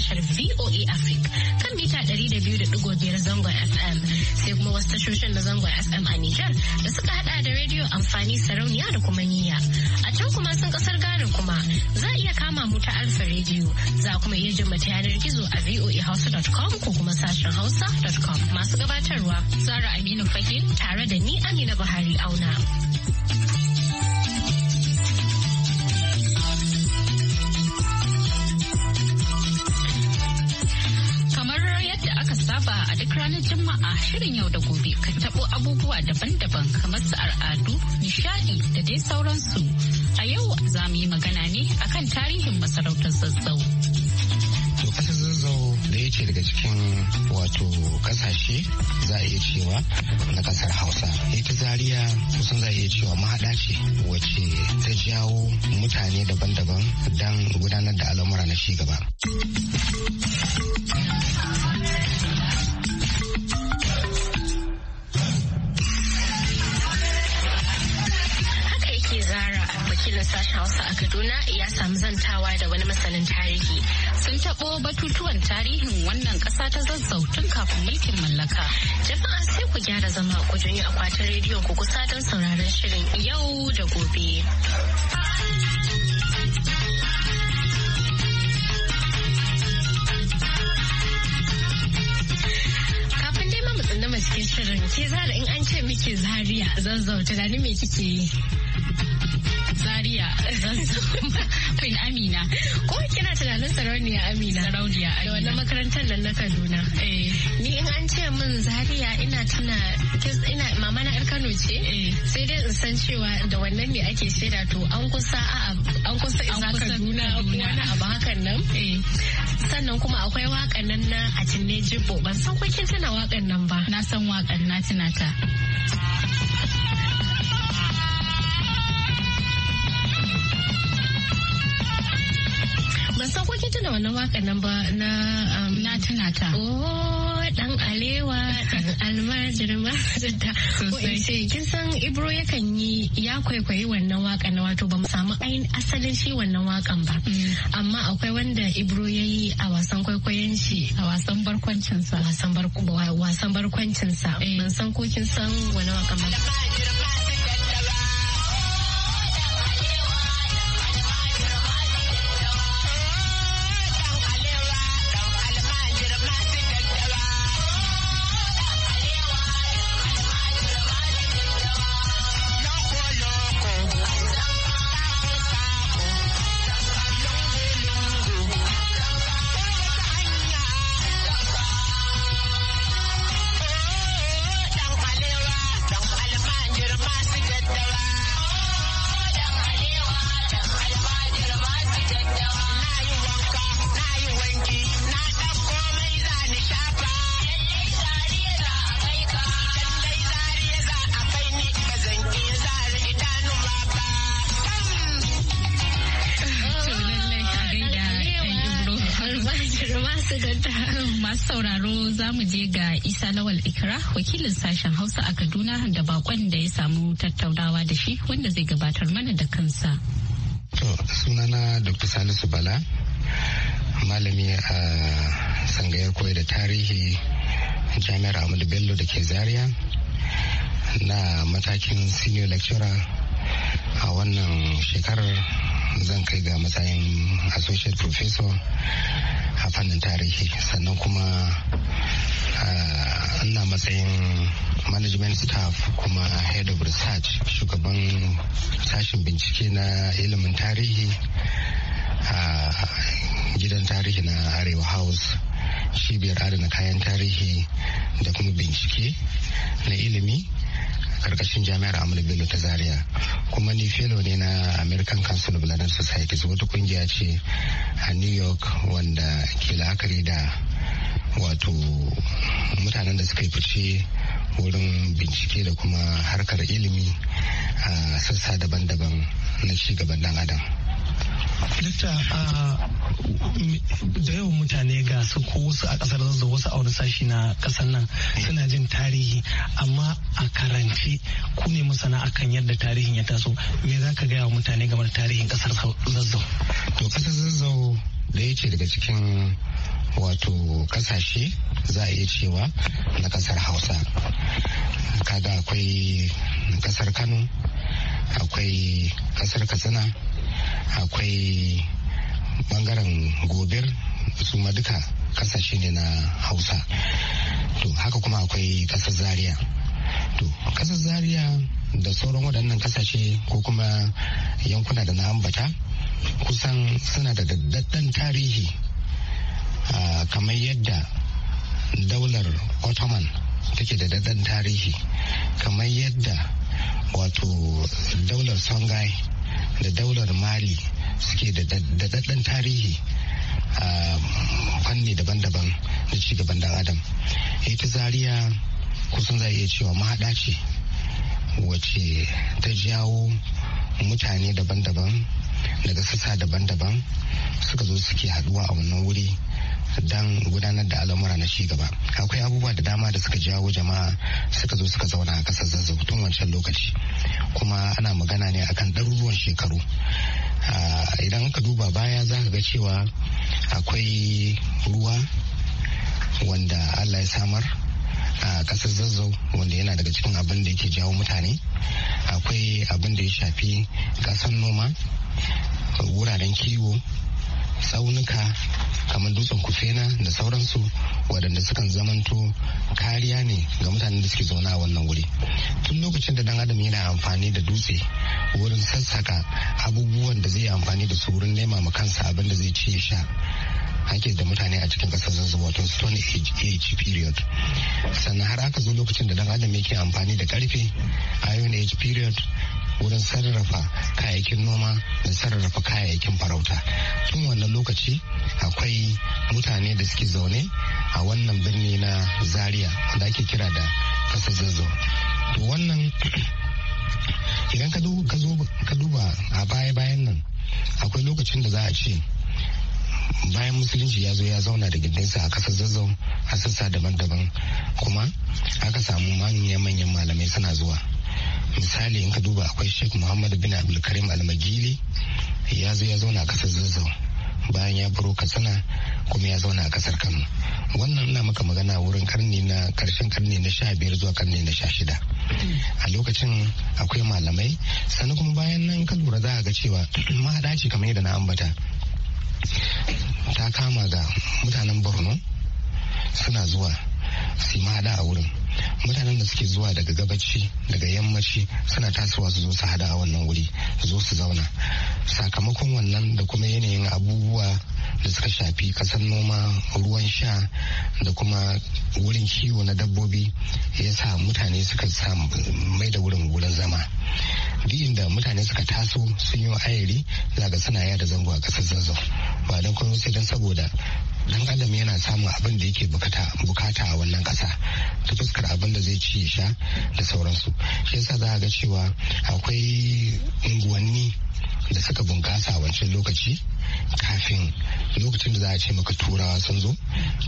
tashar VOA Africa kan mita 200.5 zangon FM sai kuma wasu tashoshin na zangon FM a Nijar da suka hada da rediyo amfani sarauniya da kuma niyya. A can kuma sun kasar Ghana kuma za a iya kama mu ta Alfa rediyo za kuma iya jin mata yanar gizo a voahausa.com ko kuma sashen hausa.com masu gabatarwa Zara Aminu Fahim tare da ni Amina Buhari Auna. duk ranar Juma'a shirin yau da gobe ka tabo abubuwa daban-daban kamar su al'adu, nishadi da dai sauransu. A yau za mu yi magana ne akan tarihin masarautar zazzau. zazzau da ce daga cikin wato kasashe za a iya cewa na kasar hausa ita zaria kusan za a iya cewa mahaɗa ce wacce ta jawo mutane daban-daban don gudanar da al'amura na ci gaba. wakilin sashen hausa a kaduna ya samu zantawa da wani masanin tarihi sun taɓo batutuwan tarihin wannan ƙasa ta zazzau tun kafin mulkin mallaka jama'a sai ku gyara zama ku janyo akwatin rediyon ku kusa don sauraron shirin yau da gobe. cikin shirin ke zara in an ce miki zaria zazzau tunani me kike yi Zaria Queen Amina. Ko kina tunanin sarauniya Amina? Sarauniya Amina. Da wannan makarantar nan na Kaduna. Eh. Ni in an ce min Zaria ina tuna ina mama na Kano ce. Eh. Sai dai in san cewa da wannan ne ake shaida to an kusa a an kusa isa Kaduna wani abu hakan nan. Eh. Sannan kuma akwai wakan nan na a cinne jibo ban san ko kin tuna wakan nan ba. Na san wakan na tunata. ta. Ban san ko kin tuna wannan wakan nan ba na um, na tana ta. Oh dan alewa almajirma sosai. Ko in ce kin san Ibro yakan yi ya kwaikwayi wannan wakan na wato ba mu samu ainihin asalin shi wannan wakan ba. Mm. Amma akwai wanda Ibro ya yi a wasan kwaikwayon shi a wasan barkwancinsa. Wasan barkwancinsa. Eh. Ban san ko kin san wani wakan ba. masu sauraro za mu je ga isa lawal ikra wakilin sashen hausa a kaduna da bakon da ya samu tattaunawa da shi wanda zai gabatar mana da kansa to sunana dr salisu bala malami a sangayar koyar da tarihi jami'ar ahmadu bello da ke zaria na matakin senior lecturer a wannan shekarar zan kai ga matsayin associate professor a fannin tarihi sannan kuma eh, ina matsayin management staff kuma head of research shugaban sashen bincike na ilimin tarihi a gidan tarihi na arewa house cibiyar adana kayan tarihi da kuma bincike na ilimi karkashin jami'ar Amadu Bello ta Zaria kuma ni felo ne na American Council of society Societies wata kungiya ce a New York wanda ke la'akari da wato mutanen da suka yi fice wurin bincike da kuma harkar ilimi a sassa daban-daban na cigaban gaban adam. Dokta da yawan mutane ga su ko wasu a kasar zazzau wasu a wani sashi na kasar nan suna jin tarihi amma a karance ku ne masana akan yadda tarihin ya taso me za ka gaya wa mutane game da tarihin kasar zazzau. To kasar zazzau da ya ce daga cikin wato kasashe za a iya cewa na kasar hausa kaga akwai kasar kano akwai kasar katsina akwai bangaren gobir su ma duka kasashe ne na hausa to haka kuma akwai kasar zaria to kasar zaria da sauran waɗannan kasashe ko kuma yankuna da na ambata kusan suna da daddaddan tarihi kamar yadda daular ottoman take da daddaɗɗen tarihi kamar yadda wato daular songhai da daular mali suke da daɗaɗɗen tarihi a fanni daban-daban da cigaban dan adam ita zaria kusan za iya cewa mahaɗa ce wacce ta jawo mutane daban-daban daga sassa daban-daban suka zo suke haɗuwa a wannan wuri Dan gudanar da al'amura na ci gaba akwai abubuwa da dama da suka jawo jama'a suka zo suka zauna a kasar zazzau tun wancan lokaci kuma ana magana ne akan ɗaruruwan shekaru idan ka duba baya za ga cewa akwai ruwa wanda allah ya samar a kasar zazzau wanda yana daga cikin abin da yake jawo mutane akwai abin da ya shafi kasar noma wuraren kiwo tsaunuka kamar dutsen kufena da sauransu waɗanda sukan zamanto kariya ne ga mutanen da suke zaune a wannan wuri tun lokacin da dan adam yana amfani da dutse wurin sassaka abubuwan da zai amfani da su wurin nema ma kansa abin da zai ci ya sha ake da mutane a cikin ƙasar zanzu wato stone age period sannan har aka zo lokacin da dan adam yake amfani da karfe iron age period wurin sarrafa kayayyakin noma da sarrafa kayayyakin farauta tun wannan lokaci akwai mutane da suke zaune a wannan birni na zaria wanda ake kira da kasa zazzau to wannan idan ka duba a baya-bayan nan akwai lokacin da za a ce bayan musulunci ya zo ya zauna da gindinsa a kasar zazzau a sassa daban-daban kuma aka samu manyan manyan malamai suna zuwa misali in ka duba akwai sheikh muhammad bin abdulkarim almagili ya zo ya zauna a kasar zazzau bayan ya baro katsina kuma ya zauna a kasar kano wannan ina maka magana wurin karni na karshen karni na sha biyar zuwa karni na sha shida a lokacin akwai malamai sannan kuma bayan nan ka lura za a ga cewa mahaɗa ce kamar yadda na ambata ta kama ga mutanen borno suna zuwa su mahaɗa a wurin mutanen da suke zuwa daga gabaci daga yammaci suna tasowa su zo su hada a wannan wuri zo su zauna sakamakon wannan da kuma yanayin abubuwa da suka shafi kasar noma ruwan sha da kuma wurin kiwo na dabbobi ya sa mutane suka mai da wurin wurin zama duk inda mutane suka taso sun yi ayari zaga suna yada zango a kasar zazzau ba don kuma sai don saboda dan adam yana samun abin da yake bukata a wannan kasa ta fuskar abin da zai ci ya sha da sauransu shi yasa za a ga cewa akwai unguwanni da suka bunkasa wancan lokaci kafin lokacin da za a ce maka turawa sun zo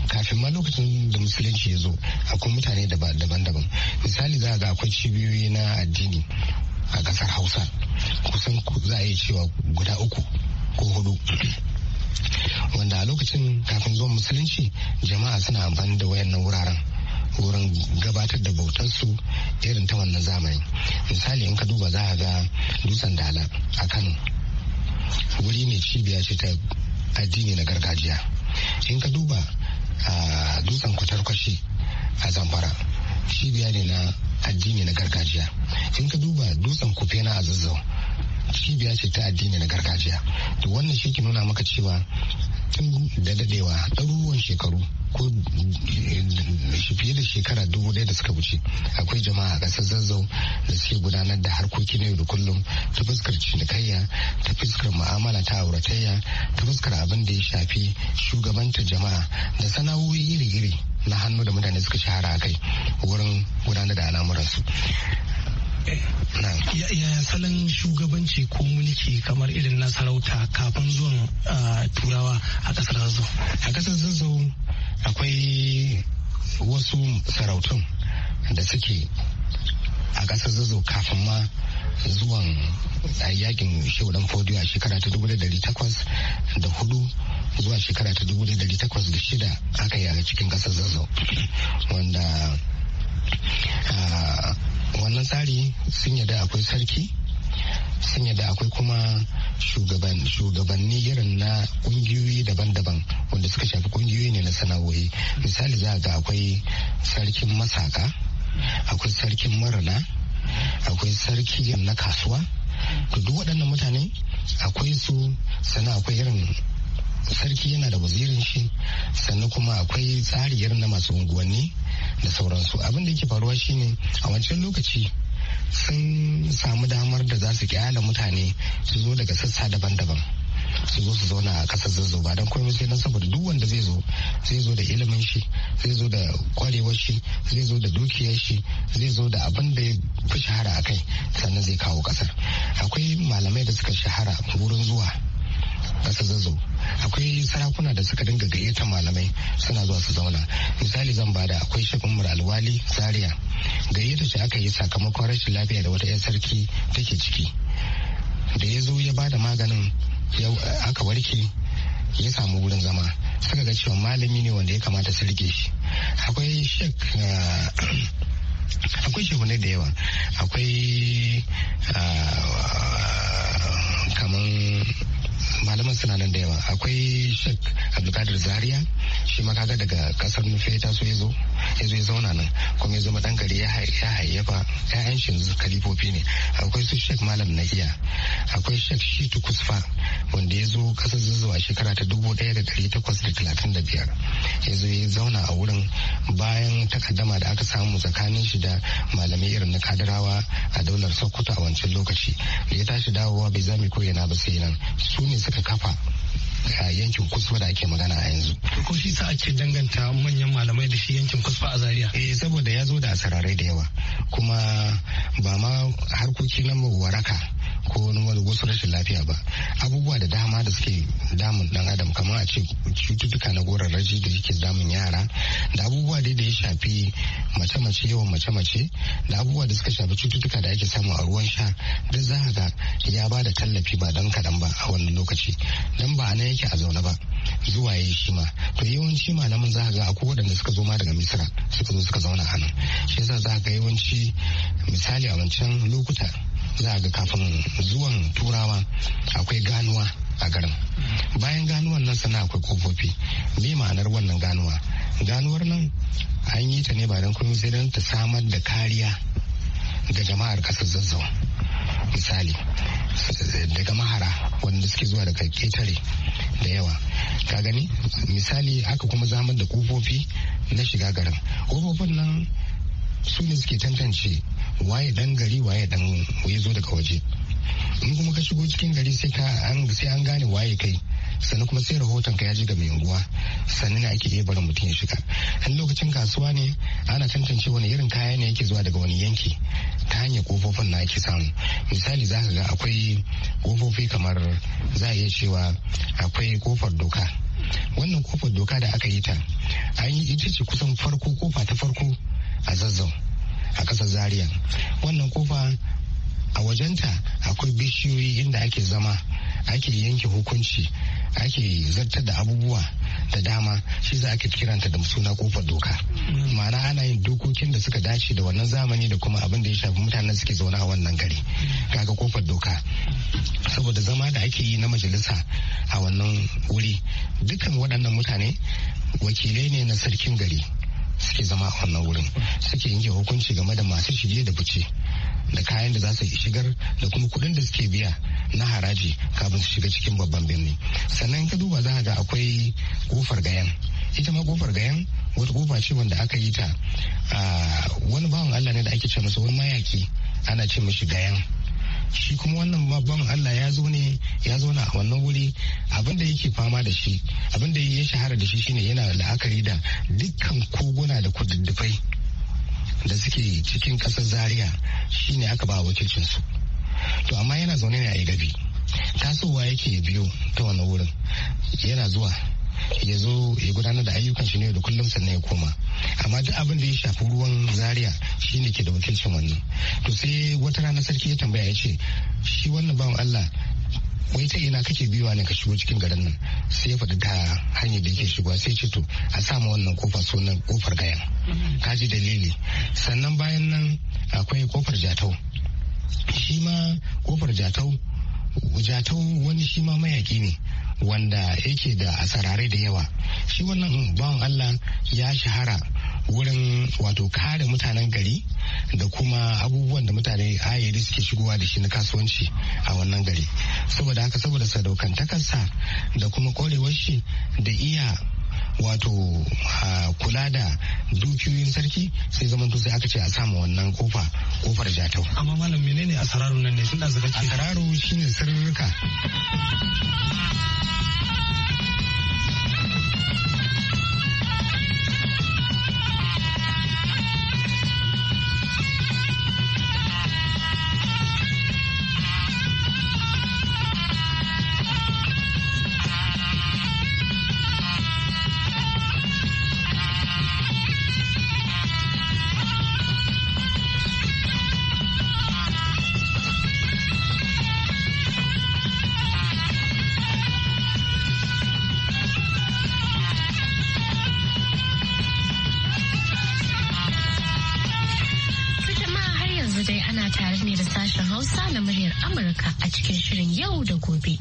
kafin ma lokacin da musulunci ya zo akwai mutane daban-daban misali za a ga akwai cibiyoyi na addini a kasar hausa kusan za a yi cewa guda uku ko hudu wanda a lokacin kafin zuwan musulunci jama'a suna amfani da wayannan wuraren wurin gabatar da bautarsu irin ta wannan zamani misali in ka duba za a ga dutsen dala a kano wuri ne cibiya ce ta addini na gargajiya in ka duba a dutsen kwatarkwashi a zamfara cibiya ne na addini na gargajiya in ka duba dutsen kufe na zazzau cibiya ce ta addini na gargajiya to wannan shi ke nuna maka cewa tun da dadewa ɗaruruwan shekaru ko eh, fiye da shekara dubu daya da suka wuce akwai jama'a a ƙasar zazzau da suke gudanar da harkoki na yau da kullum ta fuskar cinikayya ta fuskar mu'amala ta auratayya ta fuskar abin da ya shafi shugabantar jama'a da sana'o'i iri-iri na hannu da mutane suka shahara a kai wurin gudanar da al'amuransu Yaya salon shugabanci ko mulki kamar irin na sarauta kafin zuwan turawa a kasar zazzau? A kasar zazzau akwai wasu sarautun da suke a kasar zazzau kafin ma zuwan yakin shaudan fodiyo a shekara ta dubu da takwas da hudu zuwa shekara ta dubu da takwas da shida aka yi a cikin kasar zazzau wanda wannan tsari sun yadda akwai sarki sun yadda akwai kuma shugabanni irin na kungiyoyi daban-daban wanda suka shafi kungiyoyi ne na sana'o'i misali za ga akwai sarkin masaka akwai sarkin marana akwai sarki na kasuwa to duk waɗannan mutane akwai su sannan akwai irin sarki yana da wazirin shi sannan kuma akwai tsari irin na masu unguwanni da sauransu abin da yake faruwa shine a wancan lokaci sun samu damar da za su kyala mutane su zo daga sassa daban-daban su zo su zauna a kasar zazzau ba don komai sai nan saboda duk wanda zai zo zai zo da ilimin shi zai zo da kwarewar shi zai zo da dukiyar shi zai zo da abin da ya fi shahara a kai sannan zai kawo kasar akwai malamai da suka shahara wurin zuwa kasar zazzau akwai sarakuna da suka dinga gayyata malamai suna zuwa su zauna misali zan bada akwai shekun alwali zaria gayyata shi aka yi sakamakon rashin lafiya da wata 'yan sarki take ciki da ya zo ya bada maganin aka warke ya samu wurin zama suka ga cewa malami ne wanda ya kamata su rike shi akwai shek ah, akwai shehunai da yawa akwai ah, kamar. malaman suna nan da yawa akwai shek abdulkadir zaria shi ma kaga daga kasar nufe ta so ya zo ya zo ya zauna nan kuma ya zama dan gari ya hayyafa 'ya'yan shi yanzu kalifofi ne akwai su sheik malam nahiya akwai sheik shitu kusfa wanda ya zo kasar zuzuwa shekara ta dubu ɗaya da ɗari takwas da talatin da biyar ya zo ya zauna a wurin bayan takaddama da aka samu tsakanin shi da malamai irin na kadarawa a daular sokoto a wancan lokaci da ya tashi dawowa bai zame ko yana ba sai nan su ne suka kafa a yankin kusfa da ake magana a yanzu. Ko shi sa ake danganta manyan malamai da shi yankin kusfa a Zaria? Eh saboda ya zo da asararai da yawa kuma ba ma harkoki na waraka ko wani wasu rashin lafiya ba abubuwa da dama da suke damun dan adam kamar a ce cututtuka na raji da suke damun yara da abubuwa dai da ya shafi mace-mace yawan mace-mace da abubuwa da suka shafi cututtuka da ake samu a ruwan sha da za ga ya ba da tallafi ba dan kadan ba a wannan lokaci dan ba nan yake a zaune ba zuwa ya shi ma to yawanci malaman za ga akwai waɗanda suka zo ma daga misira suka zo suka zauna a nan shi yasa za ga yawanci misali a wancan lokuta za ga kafin zuwan turawa akwai ganuwa a garin bayan ganuwan nan sana akwai kofofi me ma'anar wannan ganuwa ganuwar nan an yi ta ne ba don kuma sai don ta samar da kariya ga jama'ar kasar zazzau misali daga mahara wanda suke zuwa daga ketare da yawa ka gani misali haka kuma zamar da kofofi na shiga garin kofofin nan su ne suke tantance waye dan gari waye dan ya zo daga waje in kuma ka shigo cikin gari sai ka an an gane waye kai sannan kuma sai rahoton ka ya ji ga mai unguwa sannan ne ake iya barin mutum ya shiga in lokacin kasuwa ne ana tantance wani irin kaya ne yake zuwa daga wani yanki ta hanyar kofofin na ake samu misali za ka ga akwai kofofi kamar za a iya cewa akwai kofar doka wannan kofar doka da aka yi ta an yi ita ce kusan farko kofa ta farko a zazzau a ƙasar zaria wannan kofa a wajenta akwai bishiyoyi inda ake zama ake yanke hukunci ake zartar da abubuwa da dama shi za ake kiranta da suna kofar doka ma'ana ana yin dokokin da suka dace da wannan zamani da kuma abinda ya shafi mutanen suke zaune a wannan gari kaga kofar doka saboda zama da ake yi na majalisa a wannan wuri dukkan waɗannan mutane wakilai ne na sarkin gari suke zama a wannan wurin suke yanke hukunci game da masu shige da fice da kayan da za su shigar da kuma kuɗin da suke biya na haraji kafin su shiga cikin babban birni sannan ka duba za a ga akwai kofar gayan ita ma kofar gayan wata kofa ce wanda aka yi ta ah, wani bawan allah ne da ake ce masa wani mayaki ana ce mashi gayan shi kuma wannan babban Allah ya zo ne ya zo na wannan wuri abin yake fama da shi abin da ya shahara da shi shine yana la'akari da dukkan koguna da kududdufai da suke cikin ƙasar zaria shine aka ba wakilcin su to amma yana zaune ne a gabi tasowa yake biyo ta wannan wurin yana zuwa ya zo ya gudanar da ayyukan shi ne da kullum sannan ya koma amma duk abin da ya shafi ruwan zaria shi ne ke da wakilcin wannan to sai wata rana sarki ya tambaya ya ce shi wannan bawan allah wai ta ina kake biyuwa ne ka shigo cikin garin nan sai ya faɗi ta hanyar da yake shigowa sai ce to a sama wannan kofa sunan kofar gayan ji dalili sannan bayan nan akwai kofar jatau shi ma kofar jatau Wajatau wani shi ma mayaki ne wanda yake da asararai da yawa shi wannan bawan allah ya shahara wurin wato kare mutanen gari da kuma abubuwan da mutane ayyari suke shigowa da shi na kasuwanci a wannan gari saboda haka saboda sadaukantakarsa da kuma korewar shi da iya wato ah, kula da dukiyoyin sarki sai zaman sai aka ce a sama wannan kofa kofar jatau amma malam menene asararu nan ne tun da asararu shine sirrika kuna tare ne da sashen Hausa na muryar Amurka a cikin shirin yau da gobe.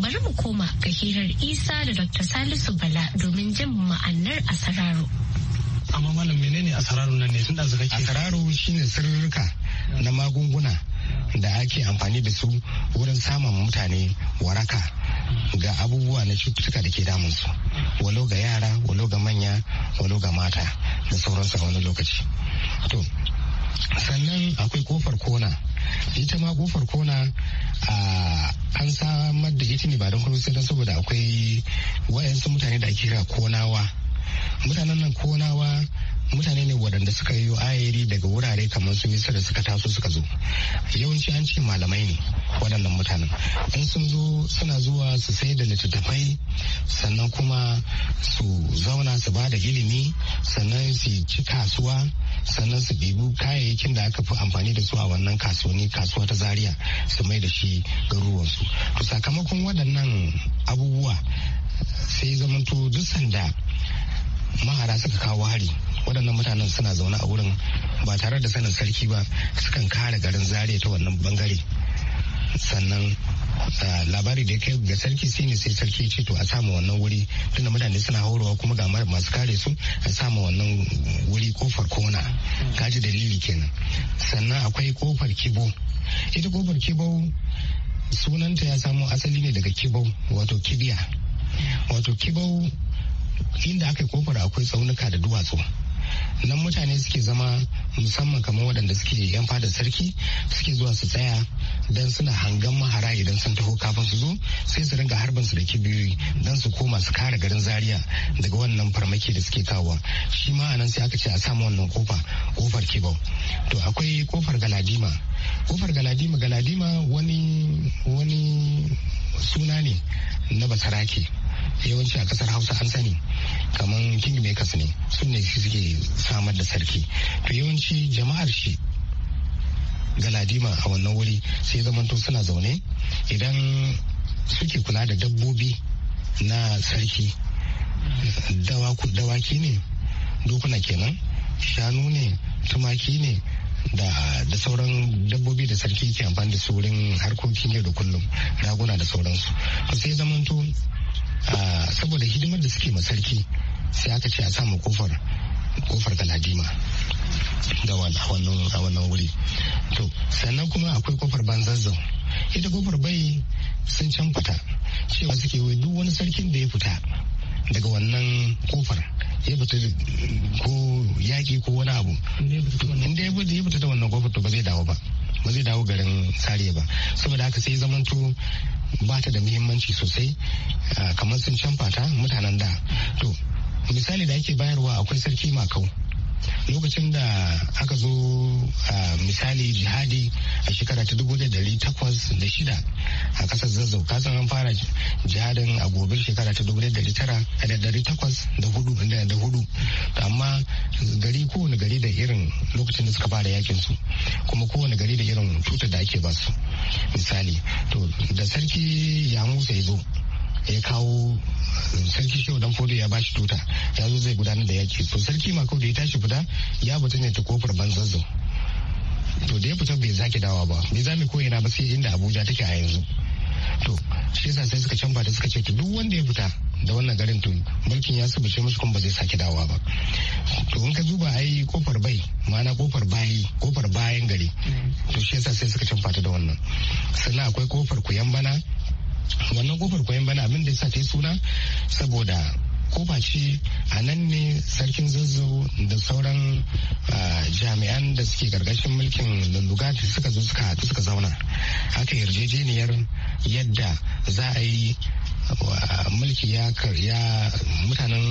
Bari mu koma ga hirar Isa da Dr. Salisu Bala domin jin ma'anar asararo. Amma malam menene asararo nan ne tun da zuka Asararo shine sirrika na magunguna da ake amfani da su wurin samun mutane waraka ga abubuwa na cututtuka da ke damunsu walo ga yara walo ga manya walo ga mata da sauransu a wani lokaci to sannan akwai kofar kona ita ma kofar kona a an samar da ita ne ba don kuma sai don saboda akwai wayansu mutane da ake kira konawa mutanen nan konawa mutane ne waɗanda suka yi ayiri daga wurare kamar su misira suka taso suka zo yawanci an ce malamai ne waɗannan mutanen in sun zo suna zuwa su sai da littattafai sannan kuma su zauna su ba da ilimi sannan su ci kasuwa sannan su bibu kayayyakin da aka fi amfani da su a wannan kasuwanni kasuwa ta zaria su mai da shi garuruwansu to sakamakon waɗannan abubuwa sai zamanto duk sanda mahara suka kawo hari waɗannan mutanen suna zaune a wurin ba tare da sanin sarki ba sukan kare garin zaria ta wannan bangare sannan labari da ya kai ga sarki sai ne sai sarki ce to a samu wannan wuri tunda mutane suna horowa kuma ga masu kare su a samu wannan wuri kofar kona kaji dalili kenan sannan akwai kofar kibo ita kofar kibo sunanta ya samo asali ne daga kibo wato kibiya wato kibo inda aka kofar akwai tsaunuka da duwatsu nan mutane suke zama musamman kamar waɗanda suke yan fadar sarki suke zuwa su tsaya don suna hangan mahara idan sun taho kafin su zo sai su ringa harbin su da kibiyoyi don su koma su kare garin zaria daga wannan farmaki da suke kawo shi ma anan sai aka ce a samu wannan kofa kofar kibau to akwai kofar galadima kofar galadima galadima wani wani suna ne na basarake yawanci a kasar hausa an sani kamar king makers ne su ne suke samar da sarki to yawanci jama'ar shi galadima a wannan wuri sai zamanto suna zaune idan suke kula da dabbobi na sarki dawaki ne dokuna kenan shanu ne tumaki ne da, da sauran dabbobi da sarki ke amfani da su wurin harkokin yau da kullum raguna da sauransu ko sai zamanto Ah, saboda hidimar da suke sarki sai aka ce a samu kofar kofar galadima Da wannan a wannan wuri to sannan kuma akwai kofar banzazzau ita kofar bai sun can fita cewa suke wai duk wani sarkin da ya fita daga wannan kofar ya fita ko yaƙi ko wani abu inda ya fita da wannan kofar to ba zai dawo ba ba zai dawo garin sariya ba saboda haka sai zamanto ba ta da muhimmanci sosai ah, kamar sun canfa ta mutanen da to misali da ake bayarwa akwai sarki makau lokacin da aka zo a misali jihadi a shekara ta dubu da dari takwas da shida a kasar zazzau kasan an fara jihadin a gobe shekara ta dubu da dari tara da dari takwas da hudu da hudu amma gari kowane gari da irin lokacin da suka fara yakin su kuma kowane gari da irin cutar da ake basu misali to da sarki ya musa ya zo ya kawo sarki shehu dan fodo ya bashi tuta ya zo zai gudanar da yaki to sarki makau da ya tashi fita ya fita ne ta kofar banzazzau to da ya fita bai zaki dawa ba bai mu koyi na ba sai inda abuja take a yanzu to shi yasa sai suka canfa da suka ce duk wanda ya fita da wannan garin to mulkin ya subuce musu kuma ba zai saki dawa ba to in ka zuba ai kofar bai ma'ana kofar bayi kofar bayan gari mm. to shi yasa sai suka canfa ta da wannan sannan akwai kofar kuyan bana wannan kofar koyon bana abin da ya sa ta yi suna saboda ko ba shi a nan ne sarkin zazzau da sauran jami'an da suke gargashin mulkin lulugati suka zo suka suka zauna haka yarjejeniyar yadda za a yi mulki ya karya mutanen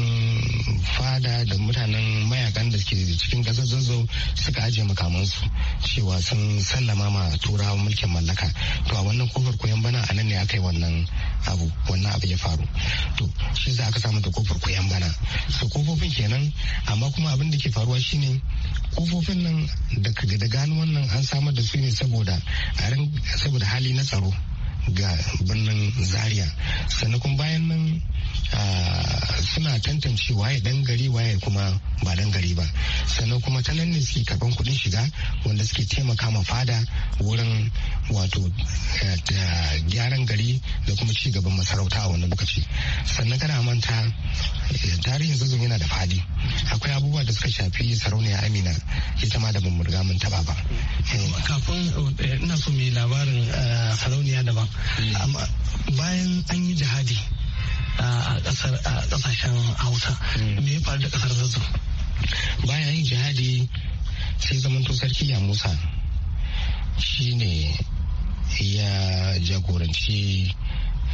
fada da mutanen mayakan da suke cikin kasar zazzau suka ajiye makamansu cewa sun sallama ma turawa mulkin mallaka to a wannan kofar koyon bana a nan ne aka yi wannan abu wannan abu ya faru to shi za aka samu da kofar koyon bana su kofofin kenan amma kuma abin da ke faruwa shine kofofin nan da gano wannan an samar da su ne saboda hali na tsaro ga birnin zaria sannan kuma bayan nan suna tantance waye dan gari waye kuma ba dan gari ba sannan kuma ta nan ne suke karban kuɗin shiga wanda suke taimaka ma fada wurin wato gyaran gari da kuma ci gaban masarauta a wannan lokaci sannan kana manta eh, tarihin zuzun yana da fadi akwai abubuwa da suka shafi sarauniya amina ita ma da ban riga mun taba ba kafin eh, ina so mai labarin eh, sarauniya daban bayan an yi jihadi a kasashen hausa me ya faru da kasar zazzau bayan an yi jihadi sai zamanto sarki ya musa shi ne ya jagoranci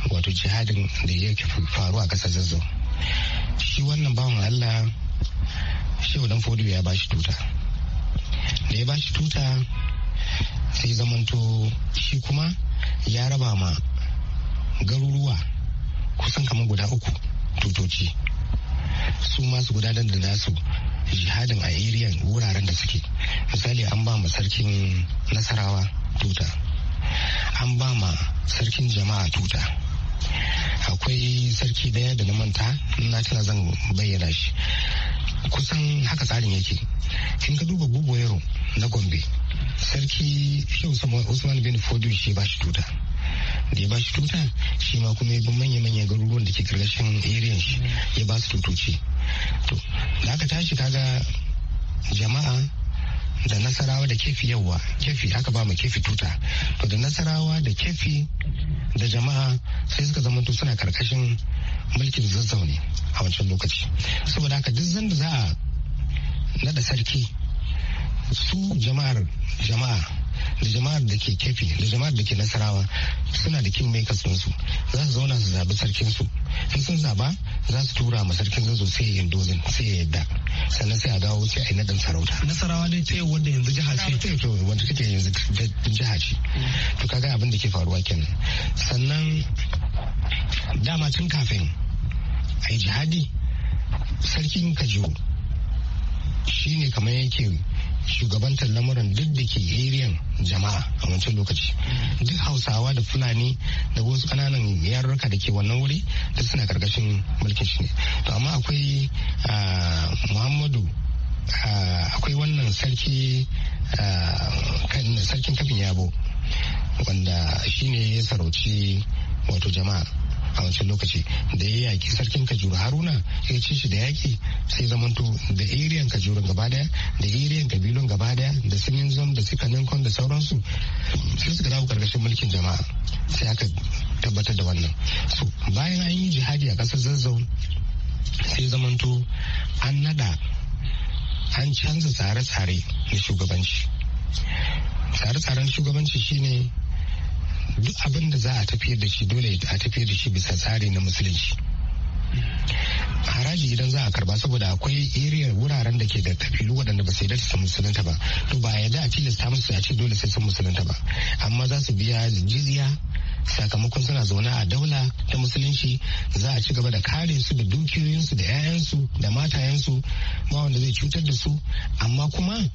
wato jihadin da ya faru a kasar zazzau shi wannan bawan allah shi wadan fodu ya bashi tuta da ya bashi tuta sai zamanto shi kuma ya raba ma garuruwa kusan kamar guda uku tutoci su masu gudanar da nasu jihadin a irin wuraren da suke misali an ba ma sarkin nasarawa tuta an ba ma sarkin jama'a tuta akwai sarki daya da na manta na tana zan bayyana shi kusan haka tsarin yake in ka duba yaro na gombe sarki usman bin Fodu shi ba shi tuta da ya ba shi tuta shi ma kuma ya bi manya-manyan garuruwan da ke karkashin irin shi ya ba su tutoci to da aka tashi kaga jama'a da nasarawa da kefi yauwa kefi aka ba mu kefi tuta to da nasarawa da kefi da jama'a sai suka zama to suna karkashin mulkin zazzau ne a wancan lokaci saboda haka duk zanda za a nada sarki su jama'ar jama'a da jama'ar da ke kefe da jama'ar da ke nasarawa suna da kin mai kasuwansu za su zauna su zaɓi sarkin su in sun zaba za su tura ma sarkin zazo sai ya dozin sai ya yadda sannan sai a dawo sai a yi naɗin sarauta nasarawa ne ta wanda yanzu jiha ce ta yake wanda kake yanzu jiha ce to ka ga abin da ke faruwa kenan sannan dama tun kafin a yi jihadi sarkin kajiyo shi ne kamar yake shugabantar lamuran duk da ke eriyan jama'a a wancan lokaci duk hausawa da fulani da wasu kananan yarurruka da ke wannan wuri duk suna karkashin mulkin shi ne to amma akwai muhammadu akwai wannan sarki sarkin kafin yabo wanda shine ya sarauci wato jama'a a wancan lokaci da ya yaki sarkin kajuru haruna ya ci shi da yaki sai zamanto da eriyan kajurun gaba daya da eriyan kabilun gaba daya da sinin zom da suka ninkon da sauransu sai suka dawo karkashin mulkin jama'a sai aka tabbatar da wannan so bayan an yi jihadi a kasar zazzau sai zamanto an nada an canza tsare-tsare na shugabanci tsare-tsaren shugabanci shine duk abin da za a tafiyar da shi dole a tafiyar da shi bisa tsari na musulunci haraji idan za a karba saboda akwai area wuraren da ke da kafilu waɗanda ba sai da su musulunta ba to ba ya da a tilasta musu a ce dole sai sun musulunta ba amma za su biya jizya sakamakon suna zaune a daula ta musulunci za a ci gaba da kare su da dukiyoyinsu da 'ya'yansu da matayensu ba wanda zai cutar da su amma kuma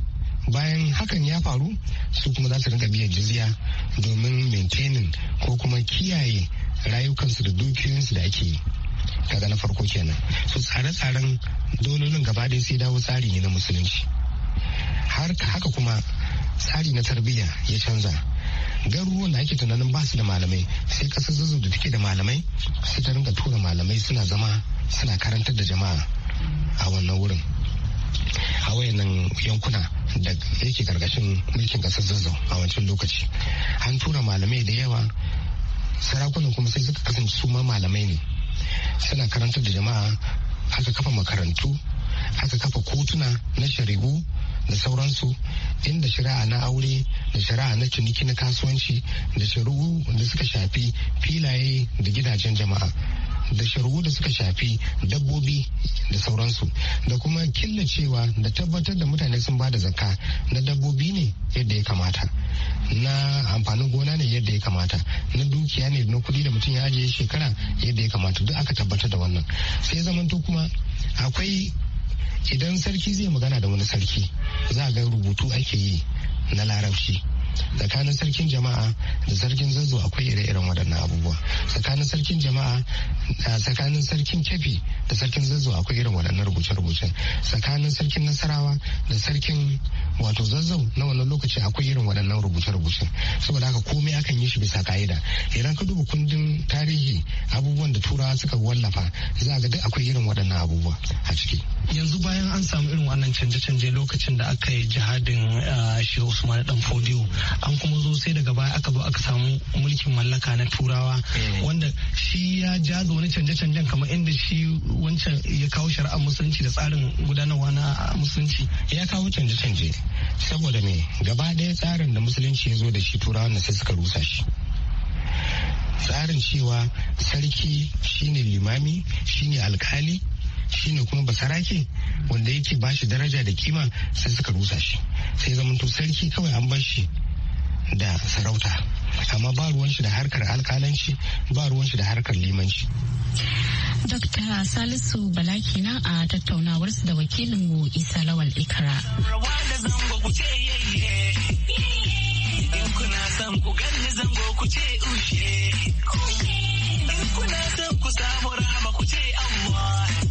bayan hakan ya faru su kuma za su rinka biyan jizya domin maintaining ko kuma kiyaye rayukansu da dukiyoyinsu da ake yi kaga na farko kenan su tsare-tsaren dololin gaba ɗaya sai dawo tsari ne na musulunci har haka kuma tsari na tarbiyya ya canza garuruwan da ake tunanin ba su da malamai sai kasar zazzau da take da malamai sai ta rinka tura malamai suna zama suna karantar da jama'a a wannan wurin a wayannan yankuna da yake karkashin mulkin kasar zazzau a wancan lokaci an tura malamai da yawa sarakunan kuma sai suka kasance su ma malamai ne suna karantar da jama'a aka kafa makarantu aka kafa kotuna na shari'u da sauransu inda shari'a na aure da shari'a na ciniki na kasuwanci da shari'u da suka shafi filaye da gidajen jama'a da shari'u da suka shafi dabbobi da sauransu da kuma killacewa da tabbatar da mutane sun ba da zakka na dabbobi ne yadda ya kamata na amfanin gona ne yadda ya kamata na dukiya ne na kudi da mutum ya ajiye shekara yadda ya kamata duk aka tabbatar da wannan sai zamanto kuma akwai idan sarki zai magana da wani sarki za a ga rubutu ake yi na larabci tsakanin sarkin jama'a da sarkin zazzau akwai ire-iren waɗannan abubuwa tsakanin sarkin jama'a tsakanin sarkin kefi da sarkin zazzau akwai irin waɗannan rubuce-rubucen tsakanin sarkin nasarawa da sarkin wato zazzau na wannan lokaci akwai irin waɗannan rubuce-rubucen saboda haka komai akan yi shi bisa ka'ida idan ka duba kundin tarihi abubuwan da turawa suka wallafa za ga duk akwai irin waɗannan abubuwa a ciki yanzu bayan an samu irin wannan canje-canje lokacin da aka yi jihadin shi usman dan fodiyo an kuma zo sai daga baya aka zo aka samu mulkin mallaka na turawa eh. wanda shi ya jaza wani canje-canjen kamar inda shi wancan ya kawo shari'ar musulunci da tsarin gudanarwa na musulunci ya kawo canje-canje saboda me gaba ɗaya tsarin da musulunci ya zo da shi turawa na sai suka rusa shi tsarin cewa sarki shine limami shine alkali shine kuma basarake wanda yake bashi daraja da kima sai suka rusa shi sai zamanto sarki kawai an bar shi da sarauta amma ba ruwan shi da harkar alkalanci ba ruwan shi da harkar limanci Dokta Salisu Bala kenan a tattaunawarsu da wakilinmu Isa Lawal Ikra. kuna son ku zango ku ce samu ku ce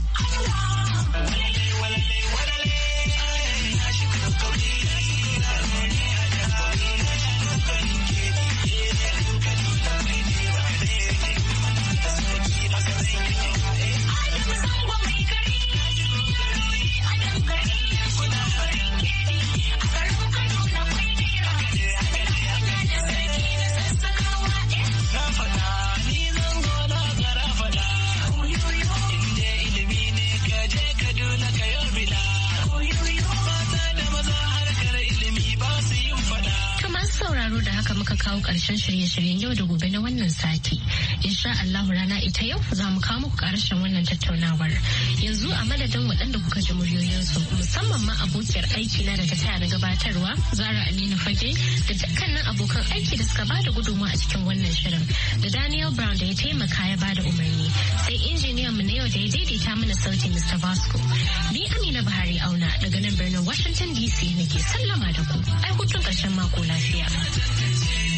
ita yau za mu kawo muku karshen wannan tattaunawar. Yanzu a madadin waɗanda kuka ji muryoyinsu musamman ma abokiyar aiki na ta taya na gabatarwa Zara Aminu Fage da dukkanin abokan aiki da suka bada gudunmawa a cikin wannan shirin da Daniel Brown da ya taimaka ya bada umarni sai injiniyan mu na yau da ya daidaita mana sauti Mr. Vasco. Ni Amina Buhari Auna daga nan birnin Washington DC nake sallama da ku. Ai hutun karshen mako lafiya.